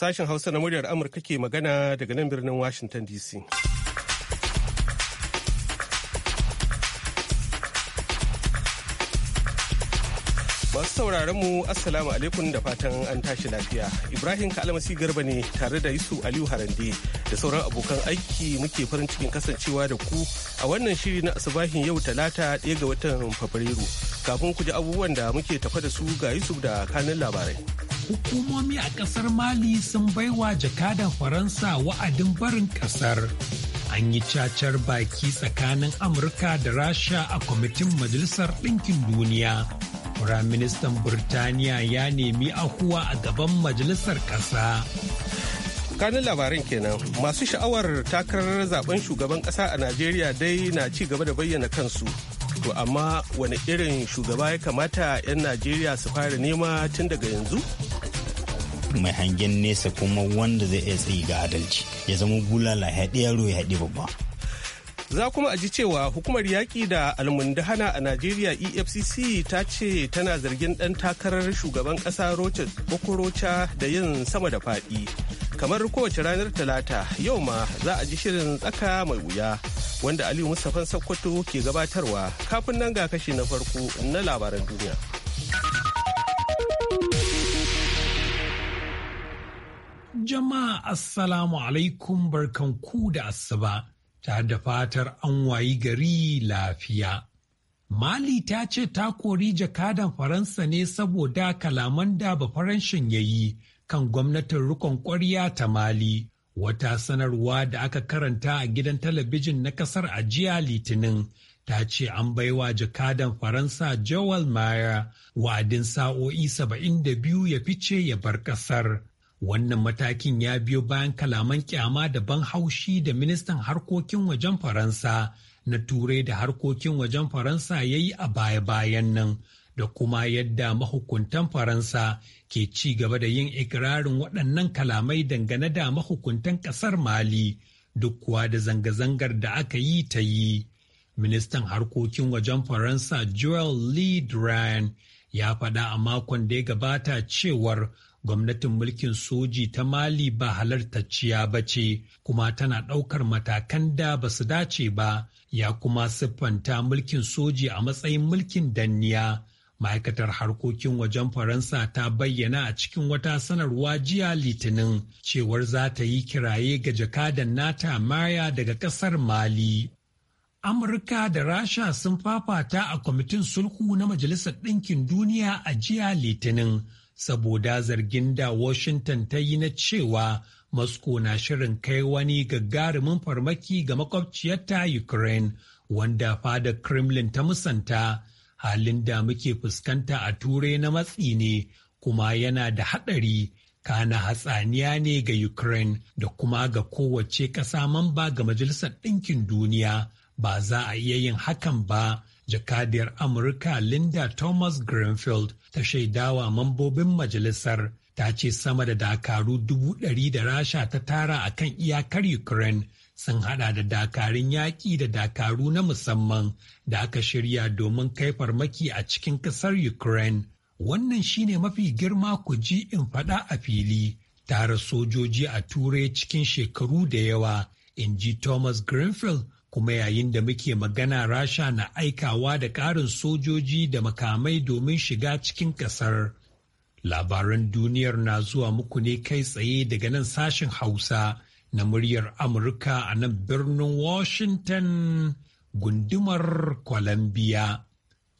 Sashen Hausa na muryar Amurka ke magana daga nan birnin Washington DC. Masu sauraron mu Assalamu alaikum da fatan an tashi lafiya. Ibrahim Kalmasi Garba ne tare da Yusuf Aliyu Harande da sauran abokan aiki muke farin cikin kasancewa da ku a wannan shiri na asubahin yau talata ɗaya ga watan Fabrairu. kafin ku ji abubuwan da muke tafa da su ga Yusuf da kanin labarai. Hukumomi a ƙasar Mali sun baiwa jakadan Faransa wa'adin barin ƙasar. An yi cacar baki tsakanin Amurka da Rasha a kwamitin Majalisar Ɗinkin Duniya. Firaministan Burtaniya ya nemi ahuwa a gaban majalisar ƙasa. kanin labarin kenan masu sha'awar takarar zaben shugaban ƙasa a najeriya dai na ci gaba da bayyana kansu To amma wani irin shugaba ya kamata 'yan Najeriya su fara nema tun daga yanzu? mai hangen nesa kuma wanda zai iya tsayi ga adalci ya zama bulala haɗe yaro ya haɗe babba. Za kuma a ji cewa hukumar yaƙi da almundahana a Najeriya EFCC ta ce tana zargin ɗan takarar shugaban ƙasa Rochas Okorocha da yin sama da faɗi. Kamar kowace ranar Talata yau ma za a ji shirin tsaka mai wuya. wanda Aliyu Mustapha Sokoto ke gabatarwa kafin nan ga kashi na farko na labaran duniya. Jama'a Assalamu alaikum barkanku da asuba ta da fatar an wayi gari lafiya. Mali ta ce ta kori jakadan Faransa ne saboda kalaman da Faranshin ya yi kan gwamnatin rikon ƙwarya ta Mali Wata sanarwa da aka karanta a gidan talabijin na kasar a jiya Litinin ta ce an baiwa jakadan Faransa Joel Mayer wa'adin sa'o'i saba'in da biyu ya fice ya bar kasar. Wannan matakin ya biyo bayan kalaman kyama da ban haushi da ministan harkokin wajen Faransa na Turai da harkokin wajen Faransa ya yi a baya-bayan nan. da kuma yadda mahukuntan Faransa ke ci gaba da yin ikirarin waɗannan kalamai dangane da mahukuntan ƙasar Mali duk kuwa da zanga-zangar da aka yi ta yi. Ministan harkokin wajen Faransa Joel Lee Duran, ya faɗa a makon da ya gabata cewar gwamnatin mulkin soji ta Mali ba halartacciya ba ce kuma tana ɗaukar matakan da ba su dace ba ya kuma siffanta mulkin soji a matsayin mulkin danniya Ma'aikatar harkokin wajen Faransa ta bayyana a cikin wata sanarwa jiya Litinin cewar za ta yi kiraye ga jakadan nata Maya daga ƙasar Mali. Amurka da Rasha sun fafata a kwamitin sulhu na Majalisar Ɗinkin Duniya a jiya Litinin saboda zargin da Washington ta yi na cewa Moscow na shirin kai wani gagarumin farmaki ga makwabciyarta Ukraine wanda fadar Kremlin ta musanta halin da muke fuskanta a turai na matsi ne kuma yana da haɗari kana hatsaniya ne ga Ukraine da kuma ga kowace ƙasa mamba ga Majalisar Ɗinkin Duniya ba za a iya yin hakan ba. Jakadiyar Amurka Linda Thomas Greenfield ta shaidawa mambobin majalisar ta ce sama da dakaru dubu ɗari da rasha ta tara a kan iyakar ukraine sun hada da dakarun yaƙi da dakaru na musamman da aka shirya domin kai farmaki a cikin ƙasar ukraine wannan shine mafi girma ku ji in faɗa a fili tara sojoji a turai cikin shekaru da yawa in ji thomas greenfield kuma yayin da muke magana rasha na aikawa da ƙarin sojoji da makamai domin shiga cikin ƙasar Labaran duniyar na zuwa muku ne kai tsaye daga nan sashen Hausa na muryar Amurka a nan birnin Washington gundumar Columbia.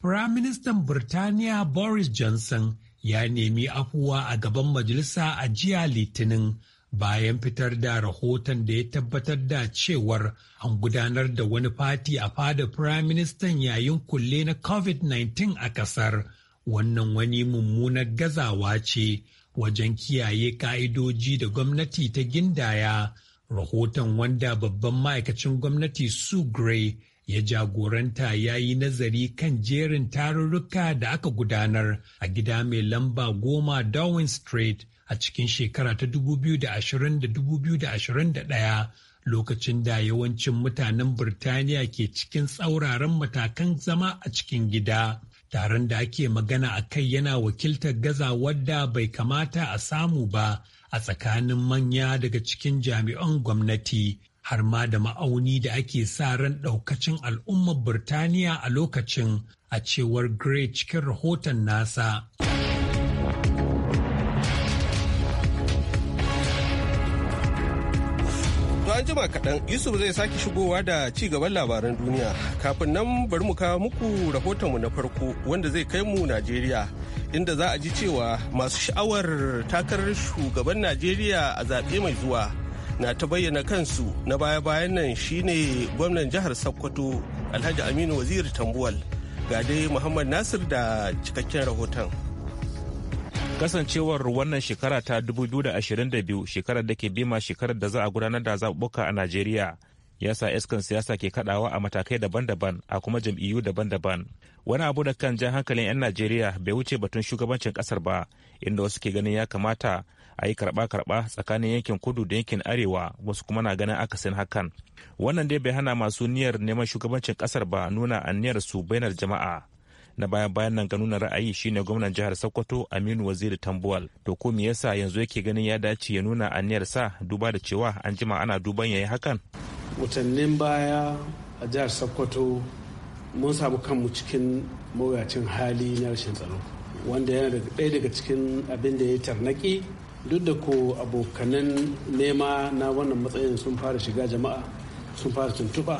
Firaministan Birtaniya Boris Johnson ya nemi afuwa a gaban majalisa a jiya Litinin bayan fitar da rahoton da ya tabbatar da cewar an gudanar da wani fati a fada Firaministan yayin kulle na COVID-19 a kasar. wannan wani mummunar gazawa ce wajen kiyaye ka'idoji da gwamnati ta gindaya rahoton wanda babban ma'aikacin gwamnati su gray ya jagoranta ya yi nazari kan jerin tarurruka da aka gudanar a gida mai lamba goma darwin street a cikin shekara ta 2020-2021 lokacin da yawancin mutanen Birtaniya ke cikin tsauraran matakan zama a cikin gida. Taron da ake magana a kai yana wakiltar gaza wadda bai kamata a samu ba a tsakanin manya daga cikin jami'an gwamnati har ma da ma'auni da ake sa ran ɗaukacin al'ummar Birtaniya a lokacin a cewar Gray cikin rahoton nasa. an jima kaɗan yusuf zai sake shigowa da ci gaban labaran duniya kafin nan bari mu kawo muku rahotonmu na farko wanda zai kai mu najeriya inda za a ji cewa masu sha'awar takarar shugaban najeriya a zaɓe mai zuwa na ta bayyana kansu na baya-bayan nan shine gwamnan jihar sokoto alhaji aminu waziri tambuwal ga dai muhammad nasir da cikakken rahoton. kasancewar wannan shekara ta 2022 shekarar da ke bima shekarar da za a gudanar da zaɓuɓɓuka a najeriya ya sa iskan siyasa ke kaɗawa a matakai daban-daban a kuma jam'iyyu daban-daban wani abu da kan jan hankalin 'yan najeriya bai wuce batun shugabancin kasar ba inda wasu ke ganin ya kamata a yi karɓa-karɓa tsakanin yankin kudu da yankin arewa wasu kuma na ganin akasin hakan wannan dai bai hana masu niyyar neman shugabancin kasar ba nuna aniyar su bainar jama'a na baya bayan nan ga nuna ra'ayi shine gwamnan jihar sokoto aminu waziri tambuwal to ko me yasa yanzu yake ganin ya dace ya nuna aniyar sa duba da cewa an jima ana duban yayi hakan watannin baya a jihar sokoto mun samu kanmu cikin mawuyacin hali na rashin tsaro wanda yana daga ɗaya daga cikin abin da ya tarnaki duk da ko abokanan nema na wannan matsayin sun fara shiga jama'a sun fara tuntuɓa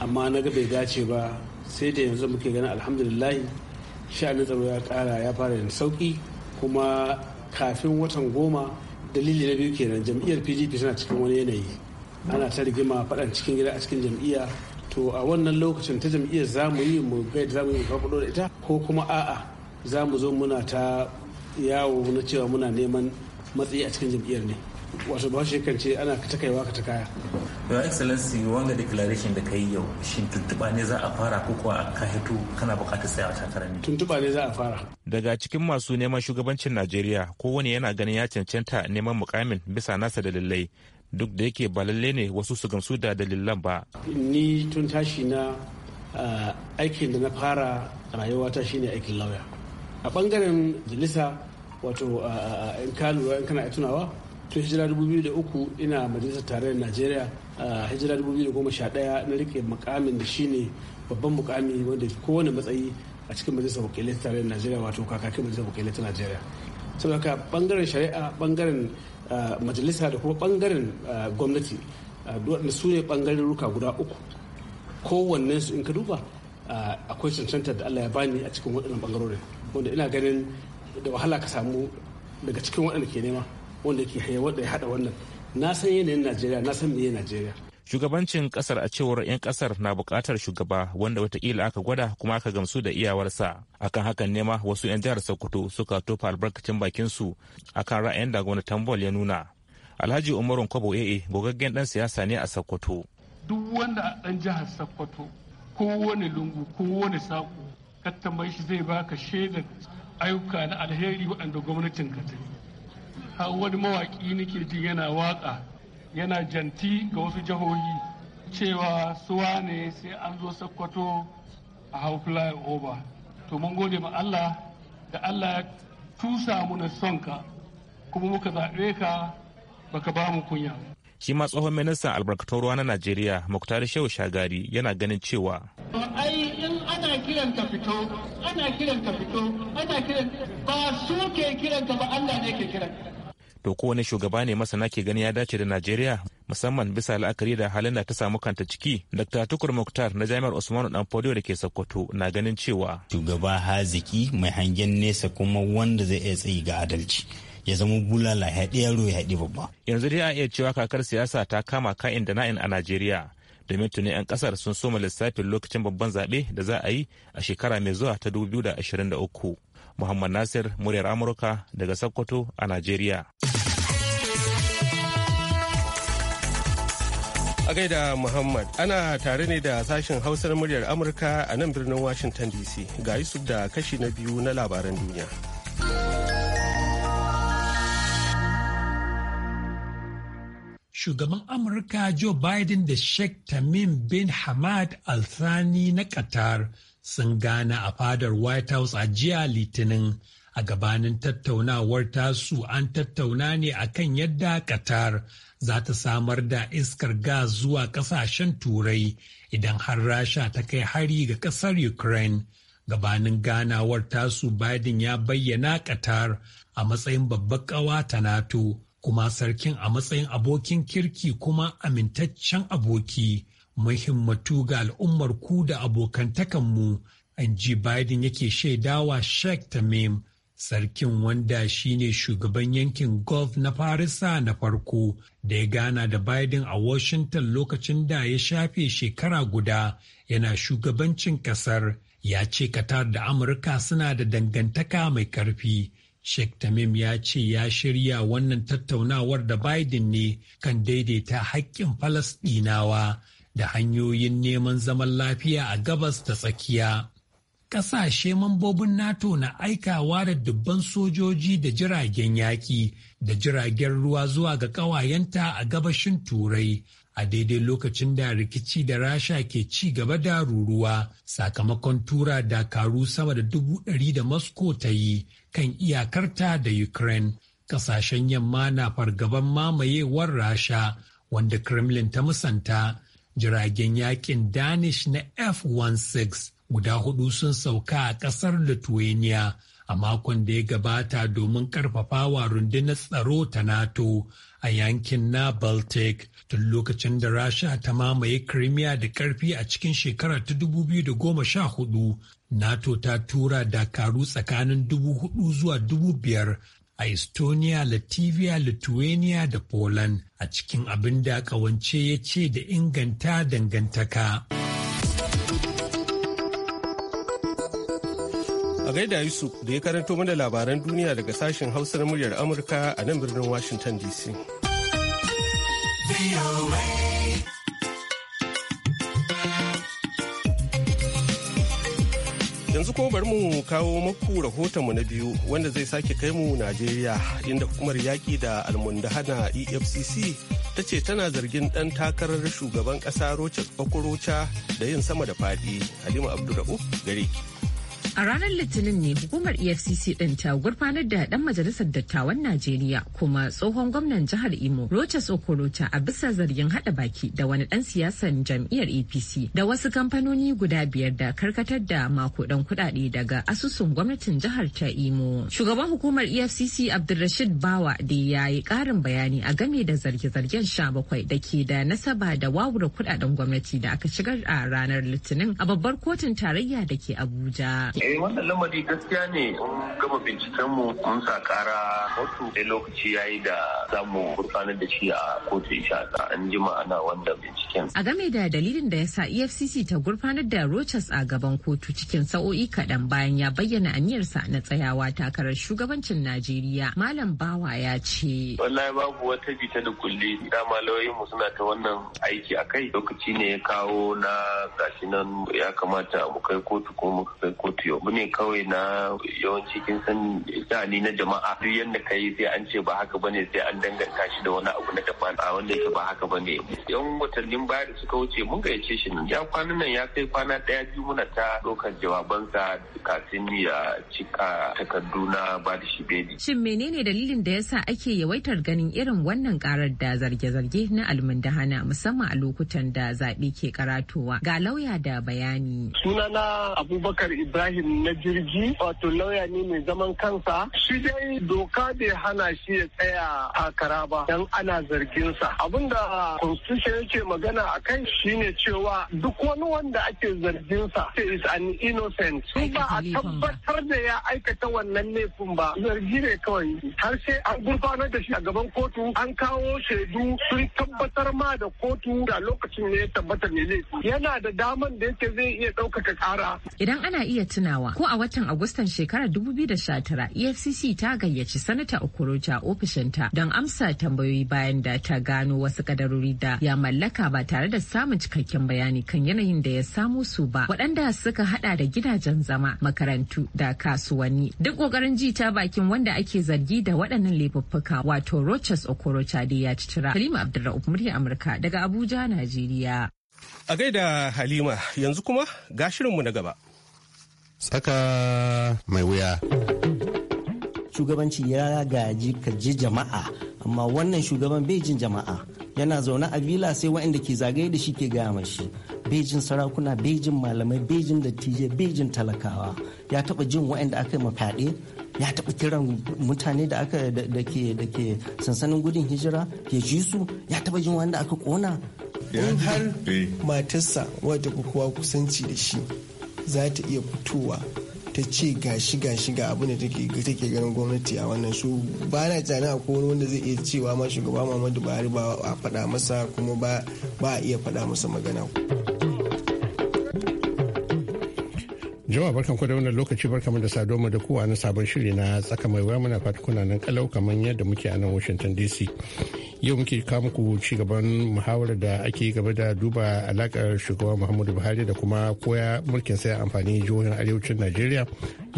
amma na ga bai dace ba sai da yanzu muke ganin alhamdulillah sha'anin tsaro ya kara ya fara yin sauki kuma kafin watan goma dalili na biyu kenan jam'iyyar pdp suna cikin wani yanayi ana ta rigima faɗan cikin gida a cikin jam'iyya to a wannan lokacin ta jam'iyyar za mu yi mu ga za mu yi farfaɗo da ita ko kuma a'a za mu zo muna ta yawo na cewa muna neman matsayi a cikin jam'iyyar ne wato ba shi kan ce ana ta kaiwa ka ta kaya your excellency wanga declaration da kai yau shi tuntuɓa ne za a fara ko kuwa a kana buƙatar a takara ne tuntuɓa ne za a fara daga cikin masu neman shugabancin najeriya kowane yana ganin ya cancanta neman mukamin bisa nasa dalilai duk da yake ba lalle ne wasu su gamsu da dalilan ba ni tun tashi na aikin da na fara rayuwata shine aikin lauya a bangaren jalisa wato in ka lura in kana tunawa to hijira 2003 ina majalisar tarayyar najeriya a hijira 2011 na rike mukamin da shine babban mukami wanda kowane matsayi a cikin majalisar wakilai ta tarayyar najeriya wato kakakin majalisar wakilai ta najeriya saboda ka bangaren shari'a bangaren majalisa da kuma bangaren gwamnati da su ne bangaren ruka guda uku kowannen su in ka duba akwai cancantar da allah ya bani a cikin waɗannan bangarorin wanda ina ganin da wahala ka samu daga cikin waɗanda ke nema wanda ke wanda ya hada wannan na san yanayin najeriya na san meye najeriya shugabancin kasar a cewar 'yan kasar na bukatar shugaba wanda watakila aka gwada kuma aka gamsu da iyawarsa akan hakan nema wasu 'yan jihar sokoto suka tofa albarkacin bakinsu akan ra'ayin da gwamnati tambol ya nuna alhaji umarun kwabo ee gogaggen dan siyasa ne a sokoto duk wanda a dan jihar sokoto kowane lungu kowane sako ka tambayi shi zai baka shaidar ayyuka na alheri waɗanda gwamnatin ka ta kawo wani mawaƙi nake jin yana waƙa yana janti ga wasu jihohi cewa suwa ne sai an zo sakkwato a hau flyover to mun gode ma Allah da Allah ya tusa muna son ka kuma muka zaɓe ka baka ba mu kunya shi ma tsohon ministan albarkatun ruwa na najeriya muktar shehu shagari yana ganin cewa ai in ana kiran ka fito ana kiran ka fito ana kiran ba su ke kiran ka ba allah ne ke kiran to wani shugaba ne masana ke gani ya dace da najeriya musamman bisa la'akari da halin da ta samu kanta ciki dr tukur muktar na jami'ar usmanu Fodio da ke sokoto na ganin cewa shugaba haziki mai hangen nesa kuma wanda zai iya tsayi ga adalci ya zama bulala ya haɗe yaro ya haɗe babba yanzu dai a iya cewa kakar siyasa ta kama ka'in da na'in a najeriya domin tuni 'yan kasar sun soma lissafin lokacin babban zaɓe da za a yi a shekara mai zuwa ta 2023 Muhammad Nasir muryar Amurka daga Sokoto a Najeriya. A gaida Muhammad ana tare ne da sashen hausar muryar Amurka a nan birnin Washington DC ga Yusuf da kashi na biyu na labaran duniya. Shugaban Amurka Joe Biden da Sheikh Tamim bin Hamad Al-Thani na Qatar sun gana a fadar White House a jiya Litinin. A gabanin tattaunawar tasu an tattauna ne a kan yadda Qatar za ta samar da iskar gas zuwa kasashen turai idan har Rasha ta kai hari ga kasar Ukraine. Gabanin ganawar tasu Biden ya bayyana Qatar a matsayin babbar ƙawa ta NATO kuma sarkin a matsayin abokin kirki kuma amintaccen aboki. muhimmatu ga al'ummar ku da abokantakanmu an ji Biden yake shaidawa Sheikh Tamim sarkin wanda shine shugaban yankin Gulf na Farisa na farko da ya gana da Biden a Washington lokacin da ya shafe shekara guda yana shugabancin kasar ya ce Qatar da Amurka suna da dangantaka mai karfi. Sheikh Tamim ya ce ya shirya wannan tattaunawar da Biden ne kan daidaita haƙƙin Falasɗinawa da hanyoyin neman zaman lafiya a gabas da tsakiya. Ƙasashe mambobin NATO na aikawa da dubban sojoji da jiragen yaƙi da jiragen ruwa zuwa ga ƙawayenta a gabashin Turai a daidai lokacin da rikici da rasha ke ci gaba da ruruwa sakamakon tura dakaru sama da dubu ɗari da moscow ta yi kan iyakarta da ukraine ƙasashen yamma na fargaban mamayewar rasha wanda kremlin ta musanta jiragen yakin danish na f-16 guda hudu sun sauka a ƙasar lithuania a makon da ya gabata domin ƙarfafawa rundunar tsaro ta nato a yankin na baltic tun lokacin da rasha ta mamaye crimea da ƙarfi a cikin shekarar ta 2014 nato ta tura dakaru tsakanin dubu hudu zuwa dubu biyar a Estonia, Latvia, Lithuania da Poland a cikin abin da ƙawance ya ce da inganta dangantaka. A gaida Yusuf da ya karanto mana labaran duniya daga sashen Hausa na muryar Amurka a nan birnin Washington DC. yanzu kuma bari mu kawo muku rahotonmu na biyu wanda zai sake kai mu najeriya inda hukumar yaƙi da almundahana efcc ta ce tana zargin ɗan takarar shugaban ƙasa rocha okorocha da yin sama da faɗi halima abdulra'uf gare A ranar Litinin ne hukumar EFCC ɗin ta gurfanar da ɗan majalisar dattawan Najeriya kuma tsohon gwamnan jihar Imo Rochas Okorocha a bisa zargin haɗa baki da wani ɗan siyasan jam'iyyar APC da wasu kamfanoni guda biyar da karkatar da mako makudan kuɗaɗe daga asusun gwamnatin jihar ta Imo. Shugaban hukumar EFCC Abdulrashid Bawa da ya yi ƙarin bayani a game da zarge-zargen sha bakwai da ke da nasaba da wawura kuɗaɗen gwamnati da aka shigar a ranar Litinin a babbar kotun tarayya da ke Abuja. eh wannan lamari gaskiya ne mun gama binciken mu mun sa kara kotu da lokaci yayi da zamu gurfanar da shi a kotu insha Allah an jima ana wanda binciken a game da dalilin da yasa EFCC ta gurfanar da Rochas a gaban kotu cikin sa'o'i kaɗan bayan ya bayyana aniyarsa na tsayawa takarar shugabancin Najeriya Malam Bawa ya ce wallahi babu wata bita da kulli da lauyoyin mu suna ta wannan aiki akai lokaci ne ya kawo na gashi nan ya kamata mu kai kotu ko mu kai kotu yobu ne kawai na yawanci kin san sani na jama'a duk yanda kai sai an ce ba haka bane sai an danganta shi da wani abu na daban a wanda yake ba haka bane yan watannin baya da suka wuce mun gayyace shi ya kwanan nan ya kai kwana daya biyu muna ta dokar jawabansa kafin ya cika takardu na ba da shi bedi shin menene dalilin da yasa ake yawaitar ganin irin wannan karar da zarge-zarge na almundahana musamman a lokutan da zaɓe ke karatowa ga lauya da bayani sunana abubakar ibrahim na jirgi wato lauya ne mai zaman kansa shi dai doka bai hana shi ya tsaya kara ba dan ana zarginsa da constitution yake magana a kai shine cewa duk wani wanda ake zarginsa is an innocent ba a tabbatar da ya aikata wannan laifin ba zargi ne kawai har sai an gurfanar da shi a gaban kotu an kawo shaidu sun tabbatar ma da kotu da lokacin ne ya tabbata ne laifi yana da daman da yake zai iya ɗaukaka ƙara idan ana iya tuna tunawa ko a watan Agustan shekarar 2019 EFCC ta gayyaci Sanata Okorocha ofishinta don amsa tambayoyi bayan da ta gano wasu kadarori da ya mallaka ba tare da samun cikakken bayani kan yanayin da ya samu su ba waɗanda suka hada da gidajen zama makarantu da kasuwanni duk ƙoƙarin ji ta bakin wanda ake zargi da waɗannan laifuffuka wato Rochas Okorocha da ya ci cira Halima Abdulrahman murya Amurka daga Abuja Najeriya. A gaida Halima yanzu kuma ga mu na gaba. tsaka mai wuya. Shugabanci ya gaji ka jama'a, amma wannan shugaban bejin jama'a. Yana zaune a vila sai waɗanda ke zagaye da shi ke gaya mashi. Bejin sarakuna, bejin malamai, bejin dattijai, bejin talakawa. Ya taɓa jin waɗanda aka yi mafaɗe, ya taɓa kiran mutane da aka da ke da ke sansanin gudun hijira ya ji su, ya taɓa jin wanda aka ƙona. In har eh. matarsa wadda kuwa kusanci da shi za ta iya fitowa ta ce gashi gashi ga abin da take ganin gwamnati a wannan su ba na tunanin a wani wanda zai iya cewa ma shugaba muhammadu buhari ba a faɗa masa kuma ba a iya faɗa masa magana jama'a barkan ku da wannan lokaci barkan da sado mu da kowa na sabon shiri na tsaka mai waya muna fata kuna nan kalau kamar yadda muke a nan washington dc yau muke kawo muku ci gaban muhawarar da ake gaba da duba alakar shugaban muhammadu buhari da kuma koya mulkin sai amfani jihohin arewacin najeriya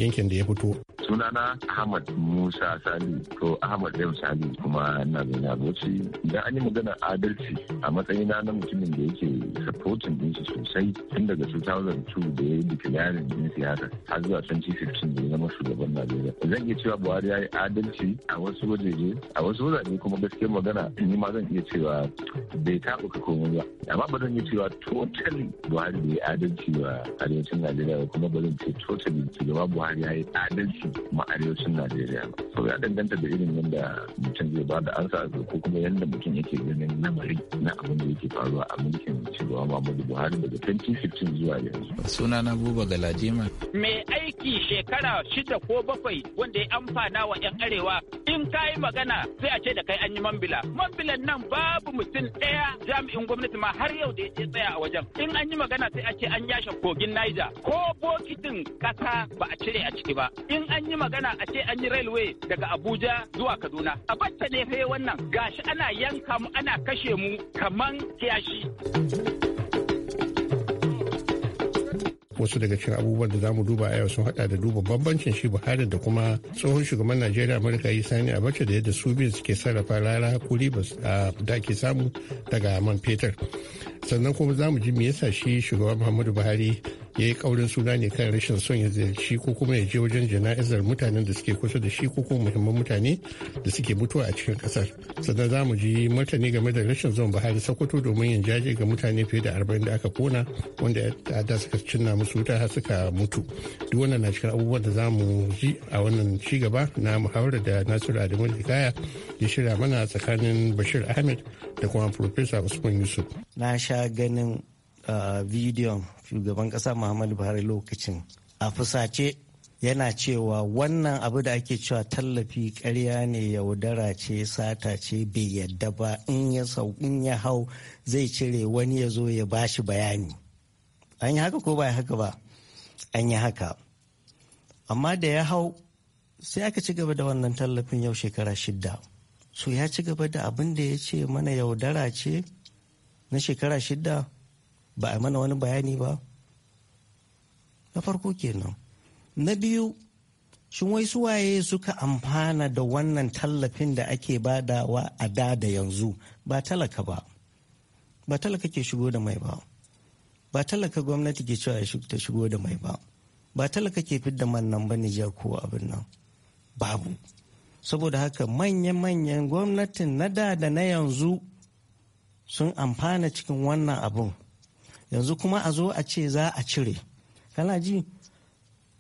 yankin da ya fito sunana ahmad musa sani ko ahmad yau sani kuma na zaune a bauchi idan an yi magana adalci a matsayin na mutumin da yake supporting din shi sosai tun daga 2002 da ya yi declaring din siyasa har zuwa 2015 da ya zama shugaban najeriya zan iya cewa buhari ya yi adalci a wasu wajeje a wasu wajeje kuma gaskiyar magana ni ma zan iya cewa bai taɓuka komai ba amma ba zan iya cewa totally buhari bai yi adalci wa arewacin najeriya kuma ba zan ce totally shugaba buhari ya yi adalci kuma arewacin najeriya ba so ya danganta da irin yadda mutum zai ba da ansa ko kuma yadda mutum yake ganin lamari na abin da yake faruwa a mulkin shugaba muhammadu buhari daga 2015 zuwa yanzu suna na buba galadima mai aiki shekara shida ko bakwai wanda ya amfana wa yan arewa in ka yi magana sai a ce da kai an yi mambila mambilan nan babu mutum ɗaya jami'in gwamnati ma har yau da ya ce tsaya a wajen in an yi magana sai a ce an yashe kogin niger ko bokitin kasa ba a cire a ciki ba in an an yi magana a ce an yi railway daga Abuja zuwa Kaduna. A bacce ne sai wannan gashi ana yanka mu ana kashe mu kaman kiyashi. wasu daga cikin abubuwan da zamu duba a yau sun hada da duba bambancin shi buhari da kuma tsohon shugaban najeriya amurka yi sani a abacha da yadda su biyu suke sarrafa rara kuri a ah, da ake samu daga man fetur sannan kuma za mu ji me yasa shi shugaban muhammadu buhari ya yi kaurin suna ne kan rashin son ya ziyarci ko kuma ya je wajen jana'izar mutanen da suke kusa da shi ko kuma muhimman mutane da suke mutuwa a cikin kasar sannan za mu ji martani game da rashin zon buhari sokoto domin yin jaje ga mutane fiye da arba'in da aka kona wanda ya da suka cinna musu cuta har suka mutu duk wannan na cikin abubuwan da za mu ji a wannan ci gaba na muhawarar da nasiru adamu kaya ya shirya mana tsakanin bashir ahmed da kuma profesa usman yusuf na sha ganin bidiyon shugaban kasa muhammadu buhari lokacin a fusace yana cewa wannan abu da ake cewa tallafi karya ne yaudara ce sata ce bai yadda ba in ya hau zai cire wani ya zo ya bashi bayani an yi haka ko ba haka ba an yi haka amma da ya hau sai aka ci gaba da wannan tallafin yau shekara shidda so ya ci gaba da abin da ya ce mana yaudara ce na shekara shidda ba a mana wani bayani ba na farko kenan na biyu shin wai suwaye suka amfana da wannan tallafin da ake badawa a da da yanzu ba talaka ba ba talaka ke shigo da mai ba ba talaka gwamnati ke cewa ya ta shigo da mai ba ba talaka ke fidda man nan ba Nijar ko abin nan babu saboda haka manya-manyan gwamnatin na da da na yanzu sun amfana cikin wannan abun yanzu kuma a zo a ce za a cire kana ji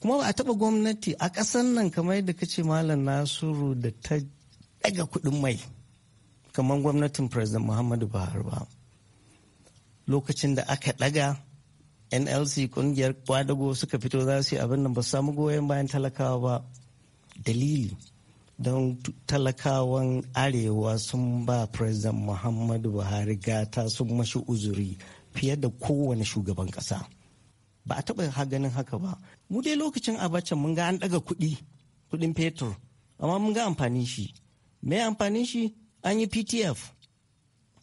kuma ba a taba gwamnati a ƙasar nan kamar yadda kace malam nasiru da ta daga kuɗin mai kamar gwamnatin president muhammadu buhari ba lokacin da aka ɗaga nlc kungiyar kwadago suka fito za su yi abin nan ba samu goyon bayan talakawa ba dalili don talakawan arewa sun ba president muhammadu buhari gata sun mashi uzuri fiye da kowane shugaban kasa ba a taɓa ganin haka ba mu dai lokacin abacin mun ga an ɗaga kuɗi kuɗin fetur amma mun ga amfani shi me amfani shi an yi ptf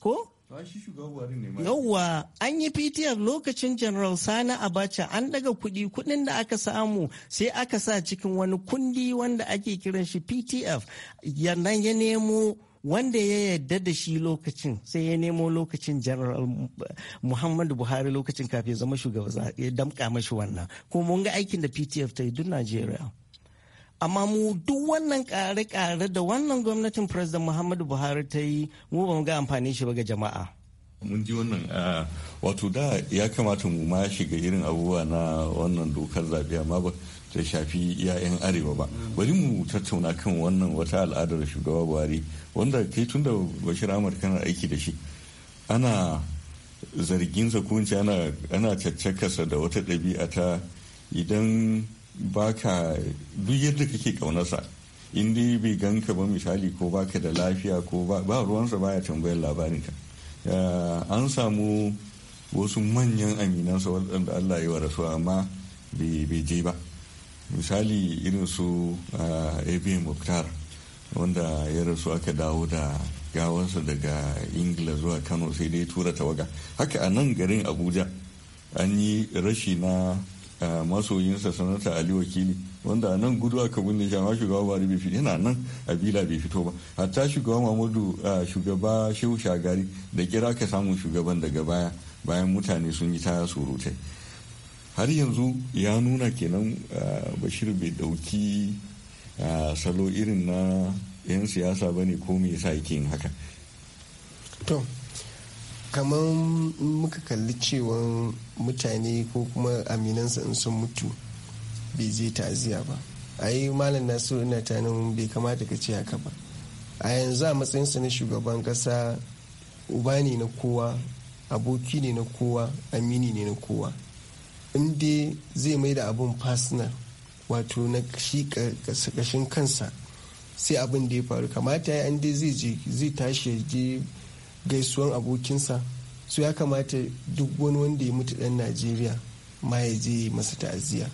ko Yauwa an yi PTR lokacin General Sani Abacha an daga kuɗi kuɗin da aka samu sai aka sa cikin wani kundi wanda ake kiran shi PTF yannan ya nemo wanda ya yarda da shi lokacin sai ya nemo lokacin general muhammadu buhari lokacin kafin zama shugaba ya damƙa mashi wannan ko mun ga aikin da ptf ta yi duk najeriya amma mu duk wannan kare-kare da wannan gwamnatin president muhammadu buhari ta yi mu ba mu ga amfani shi ba ga jama'a mun ji wannan wato da ya kamata mu ma shiga irin abubuwa na wannan dokar zaɓe amma ba ta shafi 'ya'yan arewa ba bari mu tattauna kan wannan wata al'adar shugaba buhari wanda kai tun da bashir ahmad kana aiki da shi ana zargin zakunci ana caccakarsa da wata ɗabi'a ta idan baka duk yadda kake kaunarsa in dai bai ganka ba misali ko baka da lafiya ko ba ruwansa baya tambayar labarinka an samu wasu manyan aminansa waɗanda Allah ya rasuwa amma bai je ba misali irin su abin muktar wanda ya rasu aka dawo da gawarsa daga ingila zuwa kano sai dai tura tawaga haka a nan garin abuja an yi rashi na Eh, masoyinsa sanata ali wakili wanda a nan gudu aka binne shi amma shugaba buhari bai fito yana nan abila bai fito ba hatta shugaba muhammadu eh, shugaba shehu shagari da kira ka samu shugaban daga baya bayan mutane sun yi ta surutai har yanzu ya nuna kenan eh, bashir bai dauki salo irin na 'yan siyasa ba ne ko me yasa yake yin haka kamar muka kalli cewa mutane ko kuma aminansa in sun mutu bai je ta'aziyya ba ai malam nasiru ina nan bai kamata ka ce haka ba a yanzu a matsayinsa na shugaban kasa uba ne na kowa aboki ne na kowa amini ne na kowa inda zai mai da abin personal wato na shi kashin kansa sai abin da ya faru kamata ya dai zai tashi ya je gaisuwan abokinsa su ya kamata duk wani wanda ya mutu dan najeriya ma ya je masa ta'aziyya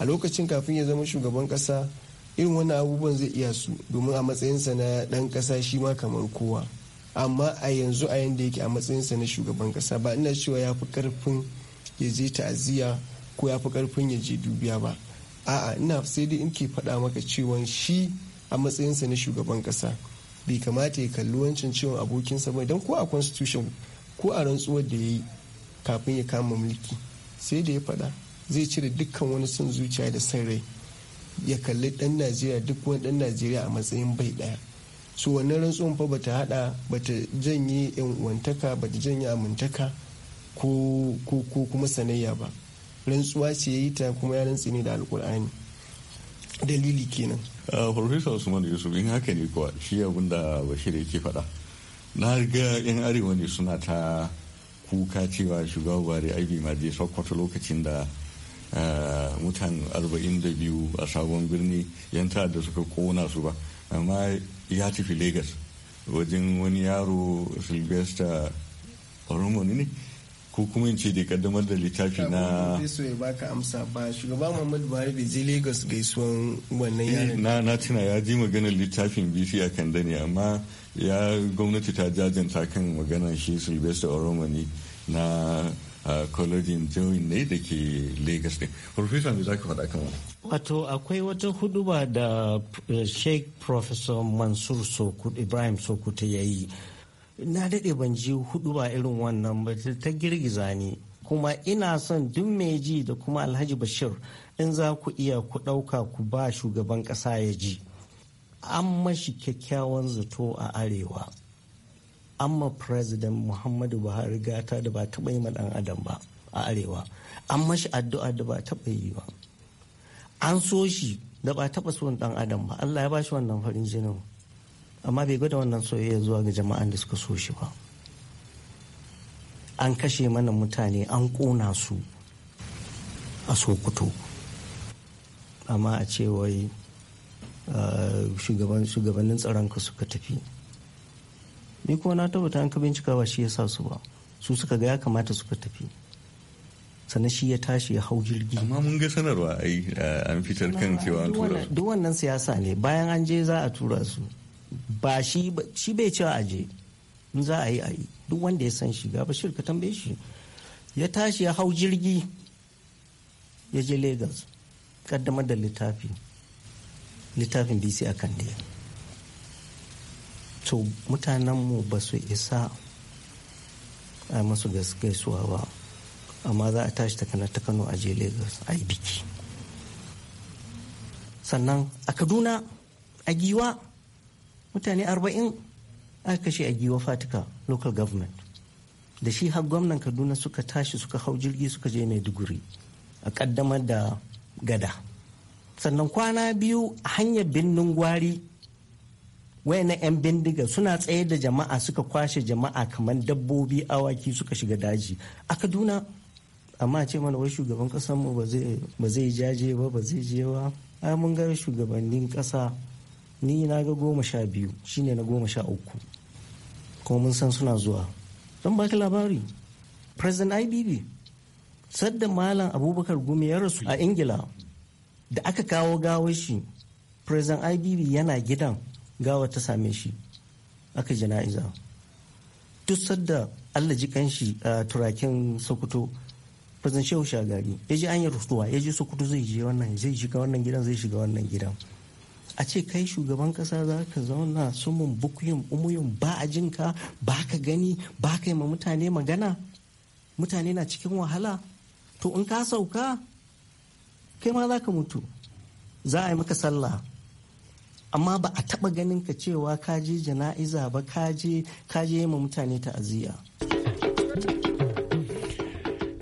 a lokacin kafin ya zama shugaban kasa irin wannan abubuwan zai iya su domin a matsayinsa na dan kasa shi ma kamar kowa amma a yanzu a yanda yake a matsayinsa na shugaban kasa ba ina cewa ya fi karfin ya je ta'aziyya ko ya fi karfin ya je dubiya ba a'a ina sai dai in ke faɗa maka cewa shi a matsayinsa na shugaban kasa bai kamata ya kalli wancan ciwon abokinsa ba don ko a constitution ko a rantsuwar da ya yi kafin ya kama mulki sai da ya faɗa zai cire dukkan wani son zuciya da son rai ya kalli ɗan najeriya duk wani ɗan najeriya a matsayin bai ɗaya su wannan rantsuwan fa bata hada bata janye yan uwantaka bata janye amintaka ko ko kuma sanayya ba rantsuwa ce ya yi ta kuma ya rantsi ne da alkur'ani dalili kenan Uh, Profesor Usman Yusuf in haka ne kuwa shi abin da Bashir yake faɗa. Na ga 'yan arewa ne suna ta kuka cewa shugaba Buhari aibi ma je sokoto lokacin da uh, mutan 42 a sabon birni yan da suka kona su ba amma ya tafi Legas wajen wani yaro Sylvester Oromoni ne ko kuma in da kaddamar da littafi na ya baka amsa ba shugaba muhammadu buhari bai je lagos gaisuwan wannan eh, na tuna ya ji maganar littafin bc a kanda ne amma ya gwamnati ta jajanta kan maganar shi sylvester oromani na kwalajin jawin ne da ke lagos ne profesa mai za faɗa kan wato akwai wata huduba da eh, sheikh professor mansur sokut ibrahim sokuta ya yi na daɗe ban je hudu ba irin wannan ba ta girgiza ni kuma ina son duk mai ji da kuma alhaji bashir in za ku iya ku ɗauka ku ba shugaban ƙasa ya ji an mashi kyakkyawan zato a arewa amma president muhammadu buhari gata da ba taɓa yi ɗan adam ba a arewa an mashi addu'a da ba taɓa yi ba an so shi da ba taɓa son ɗan adam ba allah ya ba shi wannan farin jinin amma bai gwada wannan soyayya zuwa ga jama'an da suka so shi ba an kashe mana mutane an kona su a sokoto amma a ce wai eh, shugabannin tsaronka suka tafi ni kuma na tabbata an ka bincika ba shi ya sa su ba su suka ga ya kamata suka tafi sannan shi ya tashi ya hau jirgi amma mun ga sanarwa ai eh, an fitar kan cewa an tura duk wannan siyasa ne bayan an je za a tura su ba shi shi bai cewa aje in za a yi a yi duk wanda ya san shi ga bashir ka tambaye shi ya tashi ya hau jirgi ya je lagos kaddamar da littafi littafin bc a kan to mutanenmu ba su isa a masu gaisuwa ba amma za a tashi takana ta kano a je lagos a yi biki sannan a kaduna a giwa mutane arba'in aka kashe a giwa fatika local government da shi har gwamnan kaduna suka tashi suka hau jirgi suka je maiduguri a kaddamar da gada sannan kwana biyu a hanyar birnin gwari na 'yan bindiga suna tsaye da jama'a suka kwashe jama'a kamar dabbobi awaki suka shiga daji a kaduna amma ce mana wai shugaban kasanmu ba zai jaje ba ba zai je ba mun ga shugabannin kasa ni na ga goma sha biyu shine na goma sha uku kuma mun san suna zuwa don baki labari president ibb sadda malam abubakar gumi ya rasu a ingila da aka kawo gawar shi president ibb yana gidan gawa ta same shi aka jana'iza duk sadda allah ji kanshi a turakin sokoto president shehu shagari ya ji an yi rutuwa ya ji sokoto zai je zai shiga wannan gidan zai shiga wannan gidan a ce kai shugaban kasa za ka zauna sumun bukuyin umuyin ba a jinka ba ka gani ba ka yi ma mutane magana mutane na cikin wahala to in ka sauka kai ma za ka mutu za a yi maka sallah amma ba a taba ganin ka cewa ka je jana'iza ba ka je ma mutane ta'aziyya.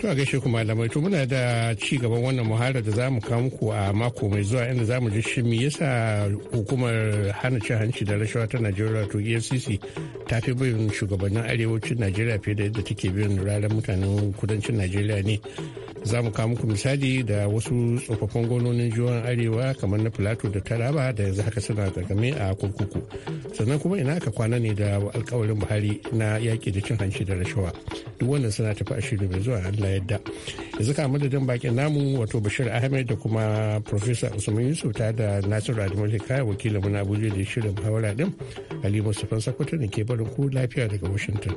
To a gaishe ku malamai to muna da ci gaban wannan muhara da zamu kawo muku a mako mai zuwa inda zamu ji shi me yasa hukumar hana cin hanci da rashawa ta Najeriya to EFCC ta fi bin shugabannin arewacin Najeriya fiye da yadda take bin ranar mutanen kudancin Najeriya ne. za mu kawo muku misali da wasu tsofaffin gononin juwan arewa kamar na plateau da taraba da yanzu haka suna game a kurkuku sannan kuma ina aka kwana ne da alkawarin buhari na yaƙi da cin hanci da rashawa duk wannan suna tafi a shirin mai zuwa allah yadda yanzu ka madadin bakin namu wato bashir ahmed da kuma professor usman yusuf ta da nasiru adamu kaya wakilin mu na abuja da shirin hawara din ali mustapha sakwato ne ke barin ku lafiya daga washington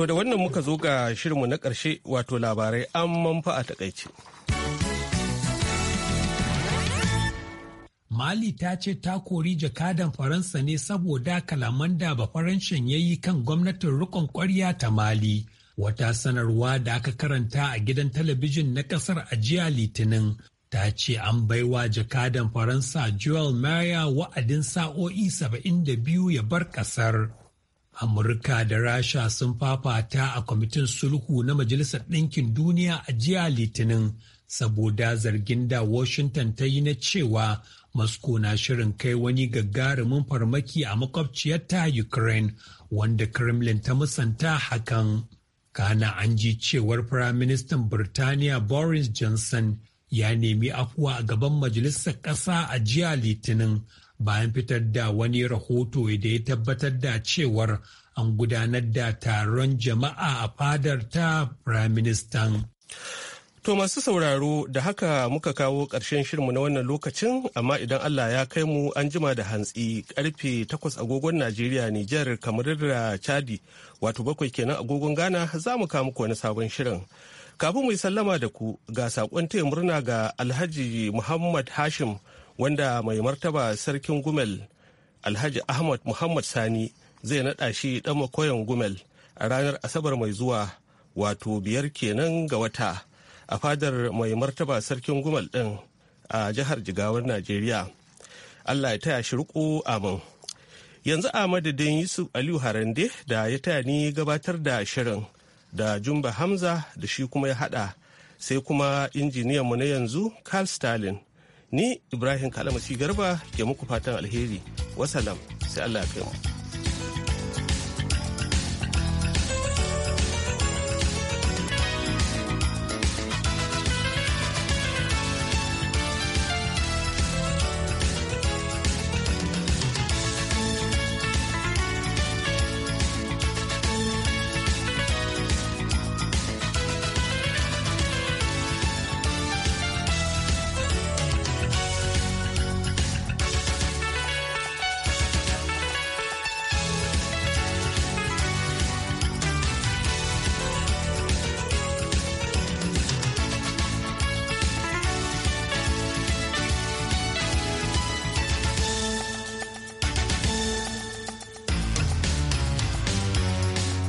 To da wannan muka zo ga shirinmu na ƙarshe wato labarai an manfa a takaice. Mali ta ce ta kori jakadan Faransa ne saboda kalaman da ba Faransan ya yi kan gwamnatin rikon ƙwarya ta Mali. Wata sanarwa da aka karanta a gidan talabijin na ƙasar a jiya Litinin ta ce an baiwa jakadan Faransa Joel maya wa'adin sa'o'i 72 ya bar ƙasar. Amurka da Rasha sun fafata a kwamitin sulhu na Majalisar Ɗinkin Duniya a jiya Litinin saboda zargin da Washington ta yi na cewa Moscow na shirin kai wani gagarumin farmaki a makwabciyar ta Ukraine wanda Kremlin ta musanta hakan. Kana an ji cewar Firaministan Birtaniya Boris Johnson ya nemi afuwa a gaban Majalisar Ƙasa a jiya Litinin bayan fitar da wani rahoto da ya tabbatar da cewar an gudanar da taron jama'a a fadar ta Prime Minister. To masu sauraro da haka muka kawo ƙarshen shirmu na wannan lokacin amma idan Allah ya kai mu an jima da hantsi karfe takwas agogon Najeriya Nijar kamar da Chadi wato bakwai kenan agogon Ghana za mu kawo muku wani sabon shirin. Kafin mu yi sallama da ku ga saƙon taya murna ga Alhaji Muhammad Hashim wanda mai martaba sarkin gumel alhaji ahmad muhammad sani zai naɗa shi ɗan makoyan gumel a ranar asabar mai zuwa wato biyar kenan ga wata a fadar mai martaba sarkin gumel ɗin a jihar jigawar najeriya allah ya taya shi riko amin yanzu a madadin yusuf aliyu harande da ya taya ni gabatar da shirin da jumba hamza da shi kuma ya haɗa sai kuma injiniyan mu na yanzu carl stalin Ni Ibrahim Kalamasi Garba ke muku fatan alheri. Wasalam sai Allah ya kai mu.